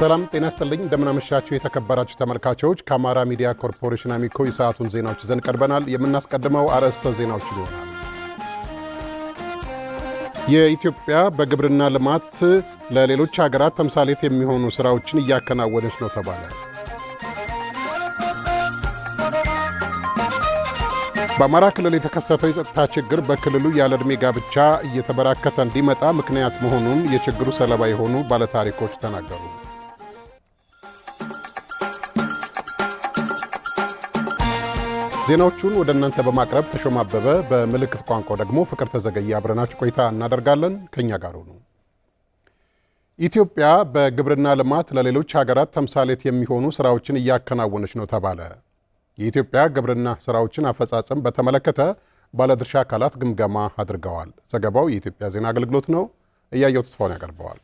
ሰላም ጤና ስጥልኝ። እንደምናመሻችሁ የተከበራችሁ ተመልካቾች፣ ከአማራ ሚዲያ ኮርፖሬሽን አሚኮ የሰዓቱን ዜናዎች ይዘን ቀርበናል። የምናስቀድመው አርዕስተ ዜናዎች ይሆናል። የኢትዮጵያ በግብርና ልማት ለሌሎች ሀገራት ተምሳሌት የሚሆኑ ሥራዎችን እያከናወነች ነው ተባለ። በአማራ ክልል የተከሰተው የጸጥታ ችግር በክልሉ ያለ ዕድሜ ጋብቻ እየተበራከተ እንዲመጣ ምክንያት መሆኑን የችግሩ ሰለባ የሆኑ ባለታሪኮች ተናገሩ። ዜናዎቹን ወደ እናንተ በማቅረብ ተሾማበበ አበበ፣ በምልክት ቋንቋ ደግሞ ፍቅር ተዘገየ። አብረናችሁ ቆይታ እናደርጋለን። ከእኛ ጋር ሁኑ። ኢትዮጵያ በግብርና ልማት ለሌሎች ሀገራት ተምሳሌት የሚሆኑ ስራዎችን እያከናወነች ነው ተባለ። የኢትዮጵያ ግብርና ስራዎችን አፈጻጸም በተመለከተ ባለድርሻ አካላት ግምገማ አድርገዋል። ዘገባው የኢትዮጵያ ዜና አገልግሎት ነው። እያየው ተስፋውን ያቀርበዋል።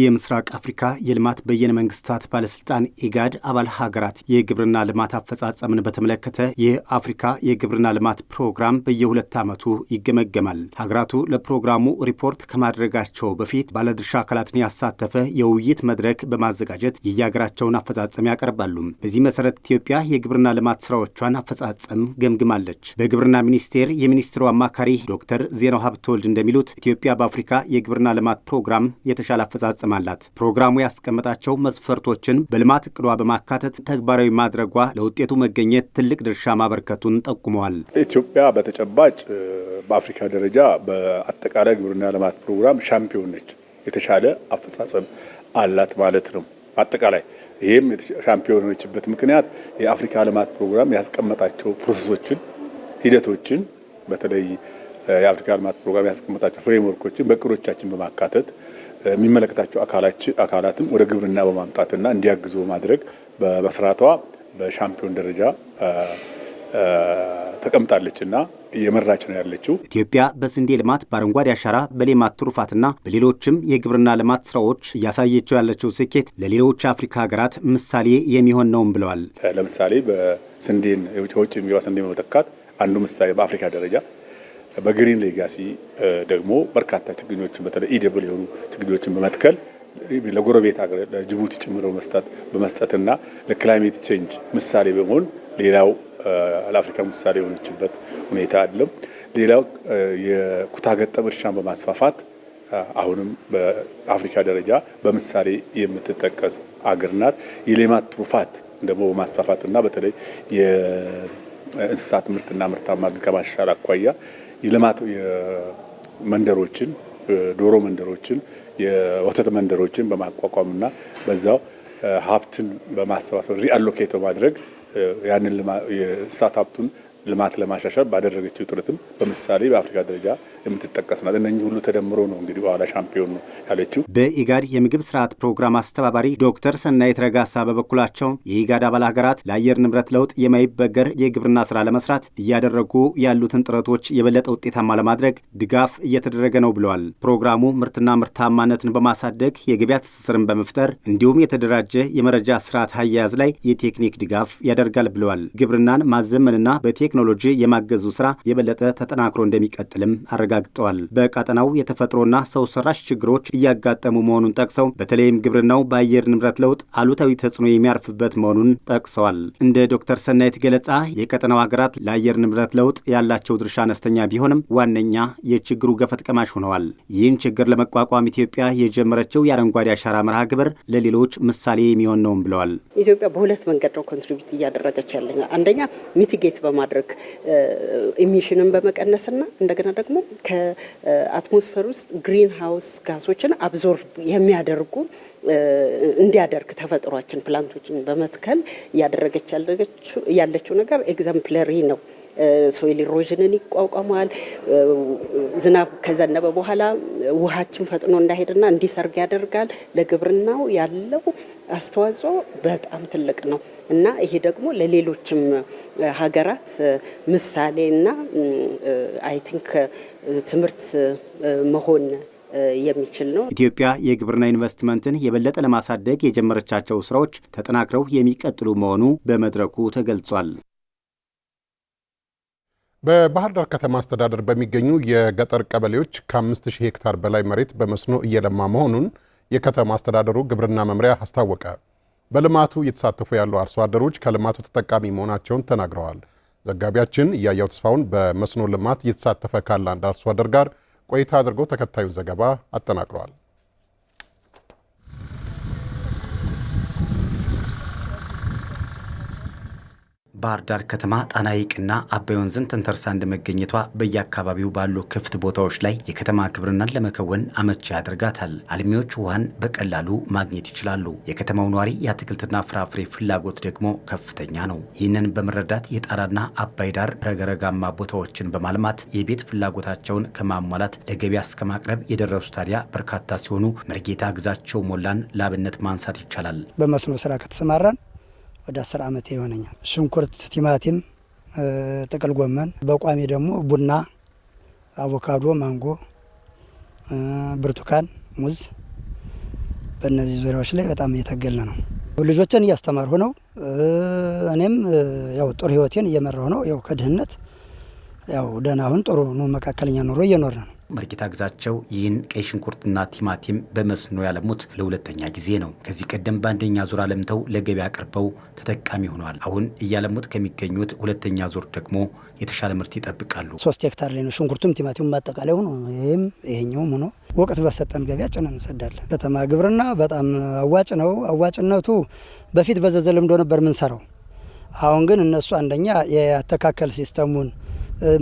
የምስራቅ አፍሪካ የልማት በየነ መንግስታት ባለስልጣን ኢጋድ አባል ሀገራት የግብርና ልማት አፈጻጸምን በተመለከተ የአፍሪካ የግብርና ልማት ፕሮግራም በየሁለት ዓመቱ ይገመገማል። ሀገራቱ ለፕሮግራሙ ሪፖርት ከማድረጋቸው በፊት ባለድርሻ አካላትን ያሳተፈ የውይይት መድረክ በማዘጋጀት የየሀገራቸውን አፈጻጸም ያቀርባሉ። በዚህ መሰረት ኢትዮጵያ የግብርና ልማት ስራዎቿን አፈጻጸም ገምግማለች። በግብርና ሚኒስቴር የሚኒስትሩ አማካሪ ዶክተር ዜናው ሀብተወልድ እንደሚሉት ኢትዮጵያ በአፍሪካ የግብርና ልማት ፕሮግራም የተሻለ አፈጻጸም ትፈጽማላት። ፕሮግራሙ ያስቀመጣቸው መስፈርቶችን በልማት እቅዷ በማካተት ተግባራዊ ማድረጓ ለውጤቱ መገኘት ትልቅ ድርሻ ማበርከቱን ጠቁመዋል። ኢትዮጵያ በተጨባጭ በአፍሪካ ደረጃ በአጠቃላይ ግብርና ልማት ፕሮግራም ሻምፒዮን ነች። የተሻለ አፈጻጸም አላት ማለት ነው። አጠቃላይ ይህም ሻምፒዮን የሆነችበት ምክንያት የአፍሪካ ልማት ፕሮግራም ያስቀመጣቸው ፕሮሰሶችን፣ ሂደቶችን በተለይ የአፍሪካ ልማት ፕሮግራም ያስቀመጣቸው ፍሬምወርኮችን በእቅዶቻችን በማካተት የሚመለከታቸው አካላትም ወደ ግብርና በማምጣትና እንዲያግዙ በማድረግ በመስራቷ በሻምፒዮን ደረጃ ተቀምጣለች እና የመራች ነው ያለችው። ኢትዮጵያ በስንዴ ልማት፣ በአረንጓዴ አሻራ፣ በሌማት ትሩፋትና በሌሎችም የግብርና ልማት ስራዎች እያሳየችው ያለችው ስኬት ለሌሎች አፍሪካ ሀገራት ምሳሌ የሚሆን ነውም ብለዋል። ለምሳሌ በስንዴን ከውጭ የሚገባ ስንዴ በመተካት አንዱ ምሳሌ በአፍሪካ ደረጃ በግሪን ሌጋሲ ደግሞ በርካታ ችግኞችን በተለይ ኢደብል የሆኑ ችግኞችን በመትከል ለጎረቤት ሀገር ለጅቡቲ ጭምሮ መስጠት በመስጠትና ለክላይሜት ቼንጅ ምሳሌ በመሆን ሌላው ለአፍሪካ ምሳሌ የሆነችበት ሁኔታ አለም። ሌላው የኩታ ገጠም እርሻን በማስፋፋት አሁንም በአፍሪካ ደረጃ በምሳሌ የምትጠቀስ አገር ናት። የሌማት ትሩፋት ደግሞ በማስፋፋትና በተለይ የእንስሳት ምርትና ምርታማ ከማሻሻል አኳያ የልማት መንደሮችን ዶሮ መንደሮችን የወተት መንደሮችን በማቋቋምና በዛው ሀብትን በማሰባሰብ ሪአሎኬት በማድረግ ያንን እንስሳት ሀብቱን ልማት ለማሻሻል ባደረገችው ጥረትም በምሳሌ በአፍሪካ ደረጃ የምትጠቀስ ናት። እነኚህ ሁሉ ተደምሮ ነው እንግዲህ በኋላ ሻምፒዮን ነው ያለችው። በኢጋድ የምግብ ስርዓት ፕሮግራም አስተባባሪ ዶክተር ሰናይት ረጋሳ በበኩላቸው የኢጋድ አባል ሀገራት ለአየር ንብረት ለውጥ የማይበገር የግብርና ስራ ለመስራት እያደረጉ ያሉትን ጥረቶች የበለጠ ውጤታማ ለማድረግ ድጋፍ እየተደረገ ነው ብለዋል። ፕሮግራሙ ምርትና ምርታማነትን በማሳደግ የገበያ ትስስርን በመፍጠር እንዲሁም የተደራጀ የመረጃ ስርዓት አያያዝ ላይ የቴክኒክ ድጋፍ ያደርጋል ብለዋል። ግብርናን ማዘመንና በቴክኖሎጂ የማገዙ ስራ የበለጠ ተጠናክሮ እንደሚቀጥልም አረጋ አረጋግጠዋል። በቀጠናው የተፈጥሮና ሰው ሰራሽ ችግሮች እያጋጠሙ መሆኑን ጠቅሰው በተለይም ግብርናው በአየር ንብረት ለውጥ አሉታዊ ተጽዕኖ የሚያርፍበት መሆኑን ጠቅሰዋል። እንደ ዶክተር ሰናይት ገለጻ የቀጠናው ሀገራት ለአየር ንብረት ለውጥ ያላቸው ድርሻ አነስተኛ ቢሆንም ዋነኛ የችግሩ ገፈት ቀማሽ ሆነዋል። ይህን ችግር ለመቋቋም ኢትዮጵያ የጀመረችው የአረንጓዴ አሻራ መርሃ ግብር ለሌሎች ምሳሌ የሚሆን ነውም ብለዋል። ኢትዮጵያ በሁለት መንገድ ነው ኮንትሪቢዩት እያደረገች ያለኛል። አንደኛ ሚቲጌት በማድረግ ኢሚሽንን በመቀነስና እንደገና ደግሞ ከአትሞስፌር ውስጥ ግሪን ሃውስ ጋሶችን አብዞርብ የሚያደርጉ እንዲያደርግ ተፈጥሯችን ፕላንቶችን በመትከል እያደረገች ያለችው ነገር ኤግዛምፕለሪ ነው። ሶይል ኢሮዥንን ይቋቋማል። ዝናብ ከዘነበ በኋላ ውሃችን ፈጥኖ እንዳይሄድና እንዲሰርግ ያደርጋል። ለግብርናው ያለው አስተዋጽኦ በጣም ትልቅ ነው። እና ይሄ ደግሞ ለሌሎችም ሀገራት ምሳሌ እና አይ ቲንክ ትምህርት መሆን የሚችል ነው። ኢትዮጵያ የግብርና ኢንቨስትመንትን የበለጠ ለማሳደግ የጀመረቻቸው ስራዎች ተጠናክረው የሚቀጥሉ መሆኑ በመድረኩ ተገልጿል። በባህር ዳር ከተማ አስተዳደር በሚገኙ የገጠር ቀበሌዎች ከ5000 ሄክታር በላይ መሬት በመስኖ እየለማ መሆኑን የከተማ አስተዳደሩ ግብርና መምሪያ አስታወቀ። በልማቱ እየተሳተፉ ያሉ አርሶ አደሮች ከልማቱ ተጠቃሚ መሆናቸውን ተናግረዋል። ዘጋቢያችን እያያው ተስፋውን በመስኖ ልማት እየተሳተፈ ካለ አንድ አርሶ አደር ጋር ቆይታ አድርጎ ተከታዩን ዘገባ አጠናቅረዋል። ባህር ዳር ከተማ ጣና ሐይቅና አባይ ወንዝን ተንተርሳ እንደመገኘቷ በየአካባቢው ባሉ ክፍት ቦታዎች ላይ የከተማ ክብርናን ለመከወን አመቺ ያደርጋታል። አልሚዎች ውሃን በቀላሉ ማግኘት ይችላሉ። የከተማው ነዋሪ የአትክልትና ፍራፍሬ ፍላጎት ደግሞ ከፍተኛ ነው። ይህንን በመረዳት የጣናና አባይ ዳር ረገረጋማ ቦታዎችን በማልማት የቤት ፍላጎታቸውን ከማሟላት ለገበያ እስከ ማቅረብ የደረሱ ታዲያ በርካታ ሲሆኑ መርጌታ ግዛቸው ሞላን ላብነት ማንሳት ይቻላል። በመስኖ ስራ ከተሰማራን ወደ አስር ዓመት ይሆነኛል። ሽንኩርት፣ ቲማቲም፣ ጥቅል ጎመን፣ በቋሚ ደግሞ ቡና፣ አቮካዶ፣ ማንጎ፣ ብርቱካን፣ ሙዝ በእነዚህ ዙሪያዎች ላይ በጣም እየተገለ ነው። ልጆችን እያስተማርሁ ነው። እኔም ያው ጥሩ ህይወቴን እየመራሁ ነው። ያው ከድህነት ያው ደህና አሁን ጥሩ መካከለኛ ኑሮ እየኖርን ነው። መርጌታ ግዛቸው ይህን ቀይ ሽንኩርትና ቲማቲም በመስኖ ያለሙት ለሁለተኛ ጊዜ ነው። ከዚህ ቀደም በአንደኛ ዙር አለምተው ለገበያ አቅርበው ተጠቃሚ ሆነዋል። አሁን እያለሙት ከሚገኙት ሁለተኛ ዙር ደግሞ የተሻለ ምርት ይጠብቃሉ። ሶስት ሄክታር ላይ ነው ሽንኩርቱም ቲማቲሙም አጠቃላይ ሆኖ ይህም ይሄኛውም ሆኖ ወቅት በሰጠን ገበያ ጭነን እንሰዳለን። ከተማ ግብርና በጣም አዋጭ ነው። አዋጭነቱ በፊት በዘዘ ልምዶ ነበር የምንሰራው። አሁን ግን እነሱ አንደኛ የአተካከል ሲስተሙን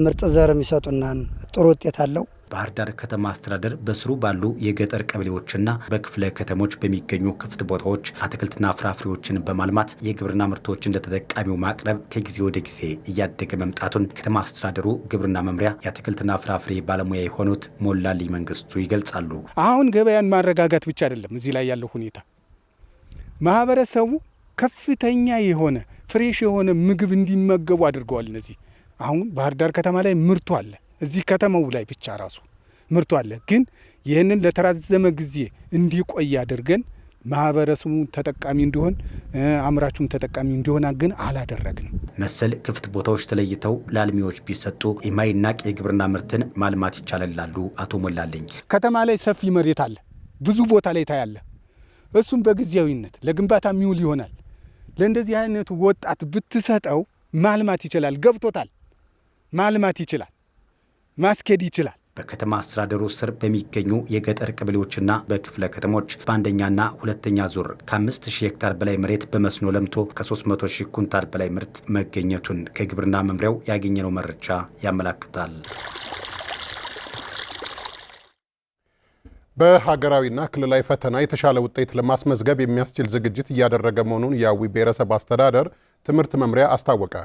ምርጥ ዘር የሚሰጡናን ጥሩ ውጤት አለው ባህር ዳር ከተማ አስተዳደር በስሩ ባሉ የገጠር ቀበሌዎችና በክፍለ ከተሞች በሚገኙ ክፍት ቦታዎች አትክልትና ፍራፍሬዎችን በማልማት የግብርና ምርቶችን ለተጠቃሚው ማቅረብ ከጊዜ ወደ ጊዜ እያደገ መምጣቱን ከተማ አስተዳደሩ ግብርና መምሪያ የአትክልትና ፍራፍሬ ባለሙያ የሆኑት ሞላልኝ መንግስቱ ይገልጻሉ። አሁን ገበያን ማረጋጋት ብቻ አይደለም እዚህ ላይ ያለው ሁኔታ ማህበረሰቡ ከፍተኛ የሆነ ፍሬሽ የሆነ ምግብ እንዲመገቡ አድርገዋል። እነዚህ አሁን ባህር ዳር ከተማ ላይ ምርቱ አለ። እዚህ ከተማው ላይ ብቻ ራሱ ምርቱ አለ። ግን ይህንን ለተራዘመ ጊዜ እንዲቆይ አድርገን ማህበረሰቡ ተጠቃሚ እንዲሆን አምራቹም ተጠቃሚ እንዲሆን ግን አላደረግንም። መሰል ክፍት ቦታዎች ተለይተው ለአልሚዎች ቢሰጡ የማይናቅ የግብርና ምርትን ማልማት ይቻላል አቶ ሞላለኝ። ከተማ ላይ ሰፊ መሬት አለ፣ ብዙ ቦታ ላይ ታያለ። እሱም በጊዜያዊነት ለግንባታ የሚውል ይሆናል። ለእንደዚህ አይነቱ ወጣት ብትሰጠው ማልማት ይችላል። ገብቶታል፣ ማልማት ይችላል። ማስኬድ ይችላል። በከተማ አስተዳደሩ ስር በሚገኙ የገጠር ቀበሌዎችና በክፍለ ከተሞች በአንደኛና ሁለተኛ ዙር ከ5000 ሄክታር በላይ መሬት በመስኖ ለምቶ ከ300 ሺህ ኩንታል በላይ ምርት መገኘቱን ከግብርና መምሪያው ያገኘነው መረጃ ያመላክታል። በሀገራዊና ክልላዊ ፈተና የተሻለ ውጤት ለማስመዝገብ የሚያስችል ዝግጅት እያደረገ መሆኑን የአዊ ብሔረሰብ አስተዳደር ትምህርት መምሪያ አስታወቀ።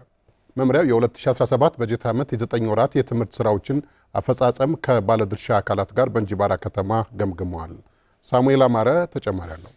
መምሪያው የ2017 በጀት ዓመት የዘጠኝ ወራት የትምህርት ሥራዎችን አፈጻጸም ከባለድርሻ አካላት ጋር በእንጂባራ ከተማ ገምግመዋል። ሳሙኤል አማረ ተጨማሪ አለው።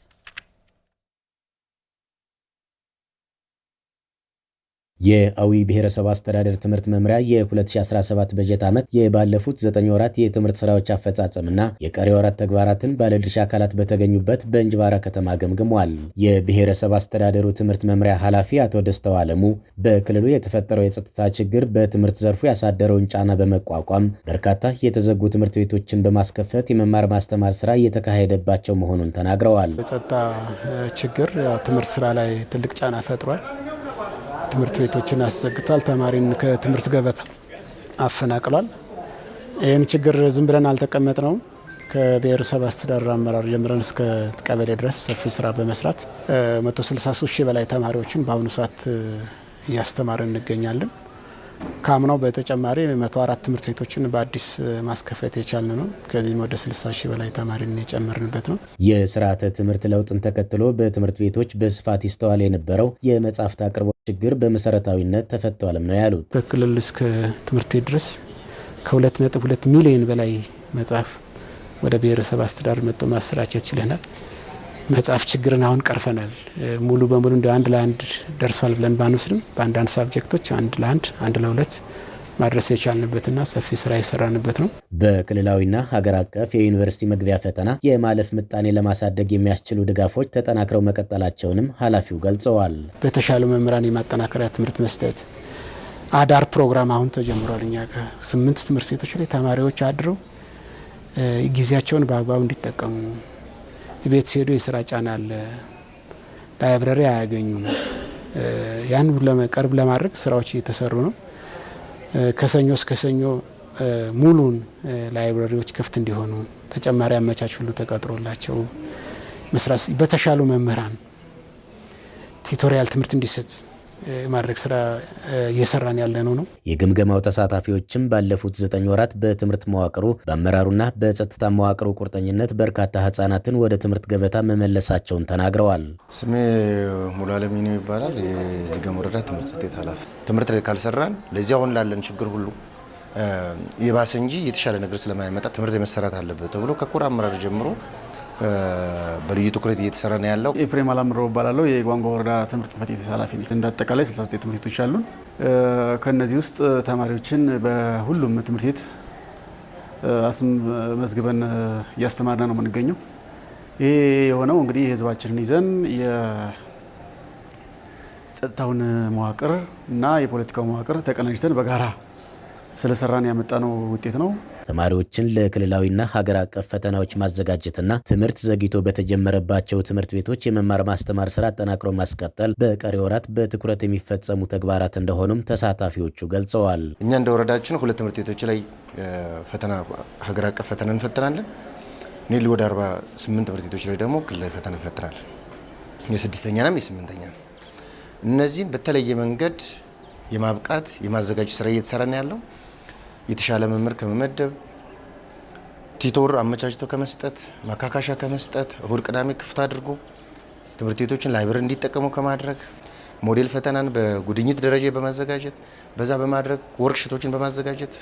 የአዊ ብሔረሰብ አስተዳደር ትምህርት መምሪያ የ2017 በጀት ዓመት የባለፉት ዘጠኝ ወራት የትምህርት ስራዎች አፈጻጸምና የቀሪ ወራት ተግባራትን ባለድርሻ አካላት በተገኙበት በእንጅባራ ከተማ ገምግሟል። የብሔረሰብ አስተዳደሩ ትምህርት መምሪያ ኃላፊ አቶ ደስተው አለሙ በክልሉ የተፈጠረው የጸጥታ ችግር በትምህርት ዘርፉ ያሳደረውን ጫና በመቋቋም በርካታ የተዘጉ ትምህርት ቤቶችን በማስከፈት የመማር ማስተማር ስራ እየተካሄደባቸው መሆኑን ተናግረዋል። የጸጥታ ችግር ትምህርት ስራ ላይ ትልቅ ጫና ፈጥሯል። ትምህርት ቤቶችን አስዘግቷል። ተማሪን ከትምህርት ገበታ አፈናቅሏል። ይህን ችግር ዝም ብለን አልተቀመጥ ከብሔረሰብ አስተዳደር አመራር ጀምረን እስከ ቀበሌ ድረስ ሰፊ ስራ በመስራት 163 ሺህ በላይ ተማሪዎችን በአሁኑ ሰዓት እያስተማረ እንገኛለን። ካምናው በተጨማሪ መቶ አራት ትምህርት ቤቶችን በአዲስ ማስከፈት የቻልን ነው። ከዚህም ወደ 60 ሺህ በላይ ተማሪን የጨመርንበት ነው። የስርዓተ ትምህርት ለውጥን ተከትሎ በትምህርት ቤቶች በስፋት ይስተዋል የነበረው የመጽሐፍት አቅርቦት ችግር በመሰረታዊነት ተፈቷልም ነው ያሉት። በክልል እስከ ትምህርት ቤት ድረስ ከ2.2 ሚሊዮን በላይ መጽሐፍ ወደ ብሔረሰብ አስተዳደር መጥቶ ማሰራጨት ችለናል። መጽሐፍ ችግርን አሁን ቀርፈናል። ሙሉ በሙሉ እንደ አንድ ለአንድ ደርሷል ብለን ባንወስድም በአንዳንድ ሳብጀክቶች አንድ ለአንድ አንድ ለሁለት ማድረስ የቻልንበትና ሰፊ ስራ የሰራንበት ነው። በክልላዊና ሀገር አቀፍ የዩኒቨርሲቲ መግቢያ ፈተና የማለፍ ምጣኔ ለማሳደግ የሚያስችሉ ድጋፎች ተጠናክረው መቀጠላቸውንም ኃላፊው ገልጸዋል። በተሻሉ መምህራን የማጠናከሪያ ትምህርት መስጠት አዳር ፕሮግራም አሁን ተጀምሯል። እኛ ጋር ስምንት ትምህርት ቤቶች ላይ ተማሪዎች አድረው ጊዜያቸውን በአግባቡ እንዲጠቀሙ ቤት ሲሄዱ የስራ ጫና አለ፣ ላይብረሪ አያገኙም። ያን ቅርብ ለማድረግ ስራዎች እየተሰሩ ነው። ከሰኞ እስከ ሰኞ ሙሉን ላይብረሪዎች ክፍት እንዲሆኑ ተጨማሪ አመቻች ሁሉ ተቀጥሮላቸው መስራት በተሻሉ መምህራን ቲቶሪያል ትምህርት እንዲሰጥ ማድረግ ስራ እየሰራን ያለ ነው ነው። የግምገማው ተሳታፊዎችም ባለፉት ዘጠኝ ወራት በትምህርት መዋቅሩ በአመራሩና በጸጥታ መዋቅሩ ቁርጠኝነት በርካታ ህጻናትን ወደ ትምህርት ገበታ መመለሳቸውን ተናግረዋል። ስሜ ሙሉ አለሚኒ ይባላል። የዚገም ወረዳ ትምህርት ውጤት ኃላፊ። ትምህርት ላይ ካልሰራን ለዚህ አሁን ላለን ችግር ሁሉ የባሰ እንጂ የተሻለ ነገር ስለማይመጣ ትምህርት መሰራት አለበት ተብሎ ከኩራ አመራር ጀምሮ በልዩ ትኩረት እየተሰራ ነው ያለው። ኤፍሬም አላምሮ እባላለሁ። የጓንጎ ወረዳ ትምህርት ጽሕፈት ቤት ኃላፊ ነኝ። እንደ አጠቃላይ 69 ትምህርት ቤቶች አሉን። ከእነዚህ ውስጥ ተማሪዎችን በሁሉም ትምህርት ቤት መዝግበን እያስተማርነ ነው የምንገኘው። ይሄ የሆነው እንግዲህ ህዝባችንን ይዘን የጸጥታውን መዋቅር እና የፖለቲካው መዋቅር ተቀናጅተን በጋራ ስለሰራን ያመጣ ነው ውጤት ነው። ተማሪዎችን ለክልላዊና ሀገር አቀፍ ፈተናዎች ማዘጋጀትና ትምህርት ዘግይቶ በተጀመረባቸው ትምህርት ቤቶች የመማር ማስተማር ስራ አጠናክሮ ማስቀጠል በቀሪ ወራት በትኩረት የሚፈጸሙ ተግባራት እንደሆኑም ተሳታፊዎቹ ገልጸዋል። እኛ እንደ ወረዳችን ሁለት ትምህርት ቤቶች ላይ ፈተና ሀገር አቀፍ ፈተና እንፈትናለን። ኔሊ ወደ 48 ትምህርት ቤቶች ላይ ደግሞ ክልላዊ ፈተና እንፈትናለን። የስድስተኛናም የስምንተኛ እነዚህን በተለየ መንገድ የማብቃት የማዘጋጀት ስራ እየተሰራ ነው ያለው። የተሻለ መምህር ከመመደብ ቲቶር አመቻችቶ ከመስጠት መካካሻ ከመስጠት እሁድ ቅዳሜ ክፍት አድርጎ ትምህርት ቤቶችን ላይብር እንዲጠቀሙ ከማድረግ ሞዴል ፈተናን በጉድኝት ደረጃ በማዘጋጀት በዛ በማድረግ ወርክሽቶችን በማዘጋጀት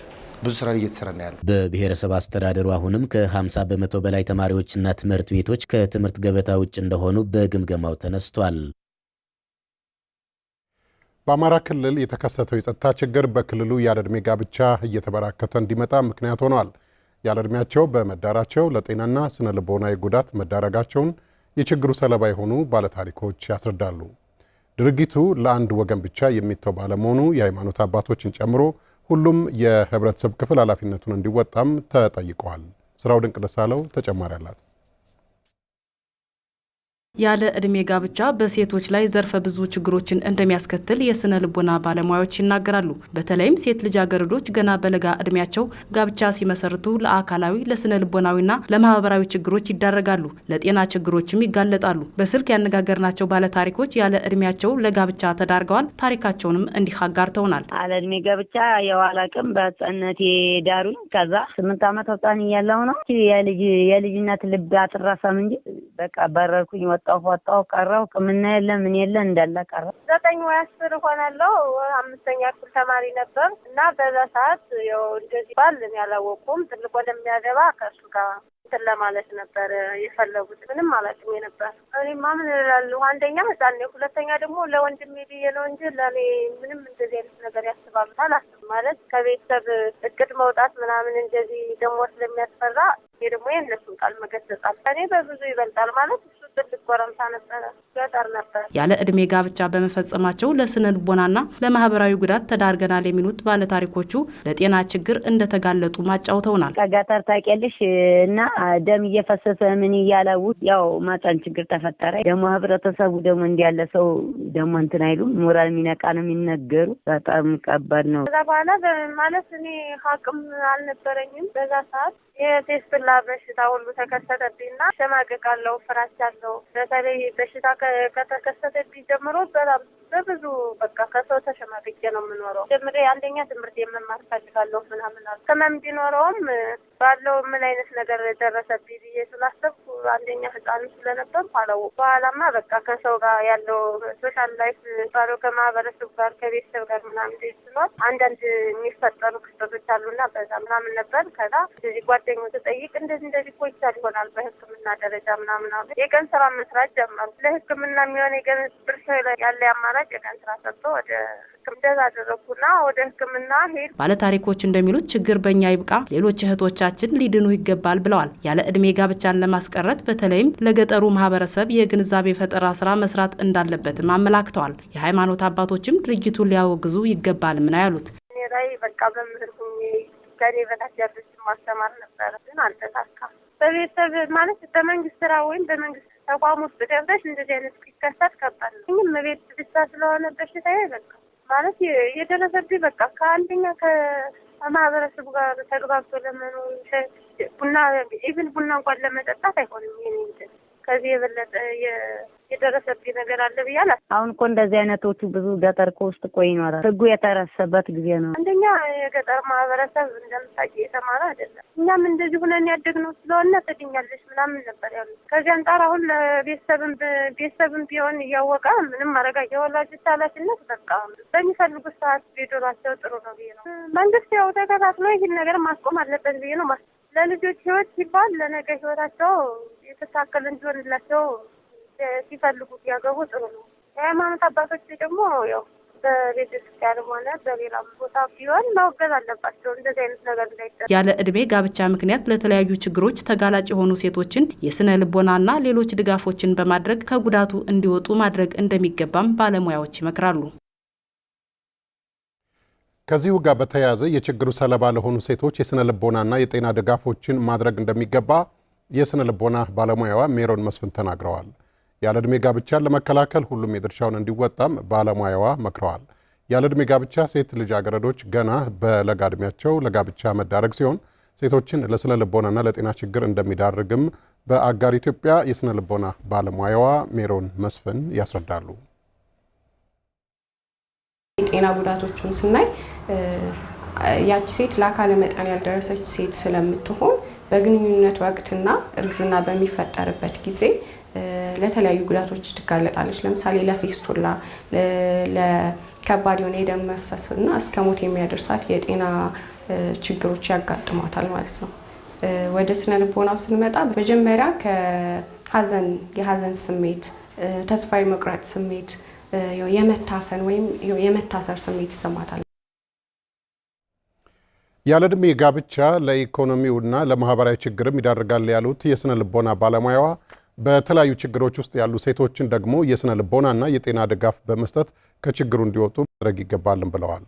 ብዙ ስራ እየተሰራ ነው ያለው። በብሔረሰብ አስተዳደሩ አሁንም ከ50 በመቶ በላይ ተማሪዎችና ትምህርት ቤቶች ከትምህርት ገበታ ውጭ እንደሆኑ በግምገማው ተነስቷል። በአማራ ክልል የተከሰተው የጸጥታ ችግር በክልሉ ያለዕድሜ ጋብቻ እየተበራከተ እንዲመጣ ምክንያት ሆኗል። ያለዕድሜያቸው በመዳራቸው ለጤናና ስነ ልቦናዊ ጉዳት መዳረጋቸውን የችግሩ ሰለባ የሆኑ ባለታሪኮች ያስረዳሉ። ድርጊቱ ለአንድ ወገን ብቻ የሚተው ባለመሆኑ የሃይማኖት አባቶችን ጨምሮ ሁሉም የህብረተሰብ ክፍል ኃላፊነቱን እንዲወጣም ተጠይቀዋል። ስራው ድንቅ ደሳለው ተጨማሪ አላት። ያለ እድሜ ጋብቻ በሴቶች ላይ ዘርፈ ብዙ ችግሮችን እንደሚያስከትል የስነ ልቦና ባለሙያዎች ይናገራሉ። በተለይም ሴት ልጃገረዶች ገና በለጋ እድሜያቸው ጋብቻ ሲመሰርቱ ለአካላዊ ለስነ ልቦናዊና ለማህበራዊ ችግሮች ይዳረጋሉ፣ ለጤና ችግሮችም ይጋለጣሉ። በስልክ ያነጋገርናቸው ባለታሪኮች ያለ እድሜያቸው ለጋብቻ ተዳርገዋል። ታሪካቸውንም እንዲህ አጋርተውናል። አለ ዕድሜ ጋብቻ የዋላቅም በህጻንነት ዳሩኝ። ከዛ ስምንት ዓመት ህጻን እያለሁ ነው የልጅነት ልብ አጥራሳም እንጂ በቃ በረርኩኝ ወጣሁ ወጣሁ ቀረሁ ሕክምና የለ ምን የለ እንዳለ ቀረ። ዘጠኝ ወይ አስር እሆናለሁ አምስተኛ ክፍል ተማሪ ነበር እና በዛ ሰዓት ያው እንደዚህ ባል ያላወቁም ትልቅ ወደሚያገባ ከእሱ ጋር እንትን ለማለት ነበር የፈለጉት። ምንም አላውቅም ነበር። እኔማ ምን እላለሁ አንደኛ ህፃን ሁለተኛ ደግሞ ለወንድሜ ብዬ ነው እንጂ ለእኔ ምንም እንደዚህ አይነት ነገር ያስባሉታል አስብ ማለት ከቤተሰብ እቅድ መውጣት ምናምን እንደዚህ ደግሞ ስለሚያስፈራ ደግሞ የእነሱን ቃል መገሰጻል ከኔ በብዙ ይበልጣል ማለት እሱ ትልቅ ጎረምሳ ነበረ፣ ገጠር ነበር። ያለ እድሜ ጋብቻ በመፈጸማቸው ለስነ ልቦናና ለማህበራዊ ጉዳት ተዳርገናል የሚሉት ባለታሪኮቹ ለጤና ችግር እንደተጋለጡ ማጫውተውናል። ከገጠር ታውቂያለሽ እና ደም እየፈሰሰ ምን እያለ ውስጥ ያው ማጫን ችግር ተፈጠረ። ደግሞ ህብረተሰቡ ደግሞ እንዲያለ ሰው ደግሞ እንትን አይሉም ሞራል የሚነቃ ነው የሚነገሩ። በጣም ከባድ ነው። ከዛ በኋላ ማለት እኔ ሀቅም አልነበረኝም በዛ ሰዓት የቴስብላ በሽታ ሁሉ አለው ሸማቀቃለሁ፣ ፍራቻለሁ። በተለይ በሽታ ከተከሰተብኝ ጀምሮ በጣም በብዙ በቃ ከሰው ተሸማቅቄ ነው የምኖረው። ጀምሬ አንደኛ ትምህርት የመማር ፈልጋለሁ ምናምን ከመም ቢኖረውም ባለው ምን አይነት ነገር ደረሰብኝ ብዬ ስላሰብኩ አንደኛ ህፃን ስለነበር አላወኩም። በኋላማ በቃ ከሰው ጋር ያለው ሶሻል ላይፍ ባለው ከማህበረሰብ ጋር ከቤተሰብ ጋር ምናምን ስሏል አንዳንድ የሚፈጠሩ ክስተቶች አሉና በዛ ምናምን ነበር። ከዛ እዚህ ጓደኞች ተጠይቅ እንደዚህ እንደዚህ እኮ ይቻል ይሆናል በህክምና ደረጃ ምናምን አሉ። የቀን ስራ መስራት ጀመሩ። ለህክምና የሚሆን የገንዘብ ብር ሰው ያለ አማራጭ የቀን ስራ ሰጥቶ ወደ እንደዛ አደረግኩና ወደ ሕክምና ሄድ ባለታሪኮች እንደሚሉት ችግር በእኛ ይብቃ፣ ሌሎች እህቶቻችን ሊድኑ ይገባል ብለዋል። ያለ እድሜ ጋብቻን ለማስቀረት በተለይም ለገጠሩ ማህበረሰብ የግንዛቤ ፈጠራ ስራ መስራት እንዳለበትም አመላክተዋል። የሃይማኖት አባቶችም ድርጅቱን ሊያወግዙ ይገባል ነው ያሉት። እኔ ላይ በቃ በምህር ከኔ በታች ያሉት ማስተማር ነበረ፣ ግን አልተሳካም። በቤተሰብ ማለት በመንግስት ስራ ወይም በመንግስት ተቋም ውስጥ ገብተሽ እንደዚህ አይነት ሲከሰት ከባድ ነው። ግን ቤት ብቻ ስለሆነ በሽታ ይበቃል ማለት የደረሰብኝ በቃ ከአንደኛ ከማህበረሰቡ ጋር ተግባብቶ ለመኖር ቡና ኢቭን ቡና እንኳን ለመጠጣት አይሆንም። ይህን ከዚህ የበለጠ የደረሰብኝ ነገር አለ ብያለሁ። አሁን እኮ እንደዚህ አይነቶቹ ብዙ ገጠር እኮ ውስጥ እኮ ይኖራል። ህጉ የተረሰበት ጊዜ ነው። አንደኛ የገጠር ማህበረሰብ እንደምታውቂ የተማረ አይደለም። እኛም እንደዚህ ሁነን ያደግነው ስለሆነ ትድኛለች ምናምን ነበር ያሉ። ከዚህ አንጻር አሁን ለቤተሰብም ቤተሰብም ቢሆን እያወቀ ምንም አረጋ የወላጆች ኃላፊነት በቃ በሚፈልጉት ሰዓት ቢድሯቸው ጥሩ ነው ብዬ ነው። መንግስት ያው ተከታትሎ ይህን ነገር ማስቆም አለበት ብዬ ነው ማስ ለልጆች ህይወት ሲባል ለነገ ህይወታቸው የተሳከለ እንዲሆንላቸው ሲፈልጉ ቢያገቡ ጥሩ ነው። የሃይማኖት አባቶች ደግሞ ያው ሆነ ቦታ ቢሆን መወገዝ አለባቸው። እንደዚህ አይነት ነገር ያለ እድሜ ጋብቻ ምክንያት ለተለያዩ ችግሮች ተጋላጭ የሆኑ ሴቶችን የስነ ልቦናና ሌሎች ድጋፎችን በማድረግ ከጉዳቱ እንዲወጡ ማድረግ እንደሚገባም ባለሙያዎች ይመክራሉ። ከዚሁ ጋር በተያያዘ የችግሩ ሰለባ ለሆኑ ሴቶች የስነ ልቦናና የጤና ድጋፎችን ማድረግ እንደሚገባ የስነ ልቦና ባለሙያዋ ሜሮን መስፍን ተናግረዋል። ያለ ዕድሜ ጋብቻን ለመከላከል ሁሉም የድርሻውን እንዲወጣም ባለሙያዋ መክረዋል። ያለ ዕድሜ ጋብቻ ሴት ልጃገረዶች ገና በለጋ ዕድሜያቸው ለጋብቻ መዳረግ ሲሆን ሴቶችን ለስነ ልቦናና ለጤና ችግር እንደሚዳርግም በአጋር ኢትዮጵያ የስነ ልቦና ባለሙያዋ ሜሮን መስፍን ያስረዳሉ። የጤና ጉዳቶቹን ስናይ ያቺ ሴት ለአካለ መጠን ያልደረሰች ሴት ስለምትሆን በግንኙነት ወቅትና እርግዝና በሚፈጠርበት ጊዜ ለተለያዩ ጉዳቶች ትጋለጣለች። ለምሳሌ ለፌስቱላ፣ ለከባድ የሆነ የደም መፍሰስ እና እስከ ሞት የሚያደርሳት የጤና ችግሮች ያጋጥሟታል ማለት ነው። ወደ ስነ ልቦናው ስንመጣ መጀመሪያ ከሀዘን የሀዘን ስሜት፣ ተስፋ የመቁረጥ ስሜት የመታፈን ወይም የመታሰር ስሜት ይሰማታል። ያለ ጋብቻ ጋብቻ ለኢኮኖሚውና ለማህበራዊ ችግርም ይዳርጋል ያሉት የስነ ልቦና ባለሙያዋ በተለያዩ ችግሮች ውስጥ ያሉ ሴቶችን ደግሞ የስነ ልቦናና የጤና ድጋፍ በመስጠት ከችግሩ እንዲወጡ ማድረግ ይገባልን ብለዋል።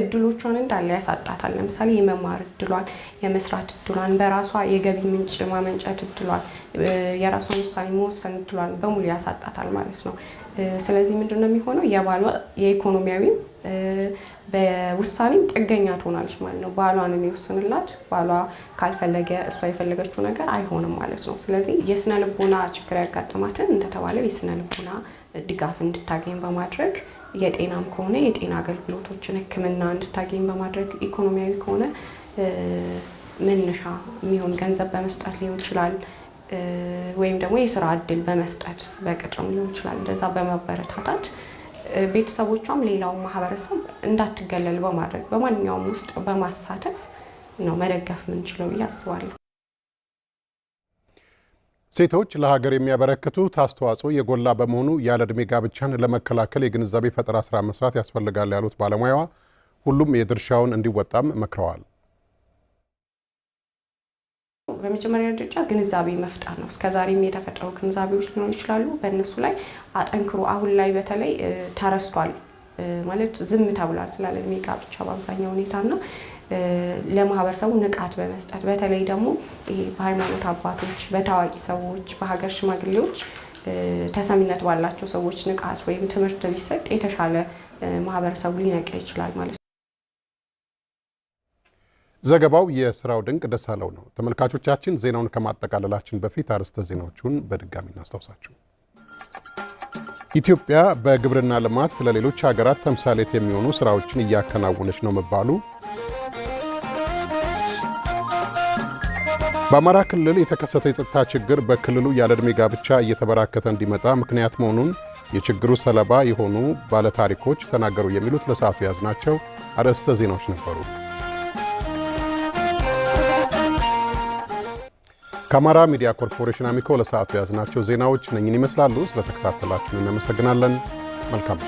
እድሎቿን እንዳለ ያሳጣታል። ለምሳሌ የመማር እድሏን፣ የመስራት እድሏን፣ በራሷ የገቢ ምንጭ ማመንጨት እድሏን፣ የራሷን ውሳኔ መወሰን እድሏን በሙሉ ያሳጣታል ማለት ነው። ስለዚህ ምንድነው የሚሆነው? የባሏ የኢኮኖሚያዊም በውሳኔም ጥገኛ ትሆናለች ማለት ነው። ባሏ ነው የሚወስንላት። ባሏ ካልፈለገ እሷ የፈለገችው ነገር አይሆንም ማለት ነው። ስለዚህ የስነ ልቦና ችግር ያጋጠማትን እንደተባለው የስነ ልቦና ድጋፍ እንድታገኝ በማድረግ የጤናም ከሆነ የጤና አገልግሎቶችን ሕክምና እንድታገኝ በማድረግ ኢኮኖሚያዊ ከሆነ መነሻ የሚሆን ገንዘብ በመስጠት ሊሆን ይችላል። ወይም ደግሞ የስራ እድል በመስጠት በቅጥርም ሊሆን ይችላል። እንደዛ በማበረታታት ቤተሰቦቿም ሌላው ማህበረሰብ እንዳትገለል በማድረግ በማንኛውም ውስጥ በማሳተፍ ነው መደገፍ የምንችለው ብዬ አስባለሁ። ሴቶች ለሀገር የሚያበረክቱት አስተዋጽኦ የጎላ በመሆኑ ያለ ዕድሜ ጋብቻን ለመከላከል የግንዛቤ ፈጠራ ስራ መስራት ያስፈልጋል ያሉት ባለሙያዋ ሁሉም የድርሻውን እንዲወጣም መክረዋል። በመጀመሪያ ደረጃ ግንዛቤ መፍጠር ነው። እስከዛሬም የተፈጠሩ ግንዛቤዎች ሊሆኑ ይችላሉ። በእነሱ ላይ አጠንክሮ አሁን ላይ በተለይ ተረስቷል ማለት ዝም ተብሏል ስላለ ዕድሜ ጋብቻ በአብዛኛው ሁኔታ እና ለማህበረሰቡ ንቃት በመስጠት በተለይ ደግሞ በሃይማኖት አባቶች፣ በታዋቂ ሰዎች፣ በሀገር ሽማግሌዎች ተሰሚነት ባላቸው ሰዎች ንቃት ወይም ትምህርት ቢሰጥ የተሻለ ማህበረሰቡ ሊነቃ ይችላል ማለት ነው። ዘገባው የስራው ድንቅ ደሳለው ነው። ተመልካቾቻችን ዜናውን ከማጠቃለላችን በፊት አርዕስተ ዜናዎቹን በድጋሚ እናስታውሳችሁ። ኢትዮጵያ በግብርና ልማት ለሌሎች ሀገራት ተምሳሌት የሚሆኑ ስራዎችን እያከናወነች ነው መባሉ በአማራ ክልል የተከሰተው የጸጥታ ችግር በክልሉ ያለዕድሜ ጋብቻ እየተበራከተ እንዲመጣ ምክንያት መሆኑን የችግሩ ሰለባ የሆኑ ባለታሪኮች ተናገሩ። የሚሉት ለሰዓቱ የያዝናቸው አርዕስተ ዜናዎች ነበሩ። ከአማራ ሚዲያ ኮርፖሬሽን አሚኮ ለሰዓቱ የያዝናቸው ዜናዎች እነኝን ይመስላሉ። ስለተከታተላችሁን እናመሰግናለን። መልካም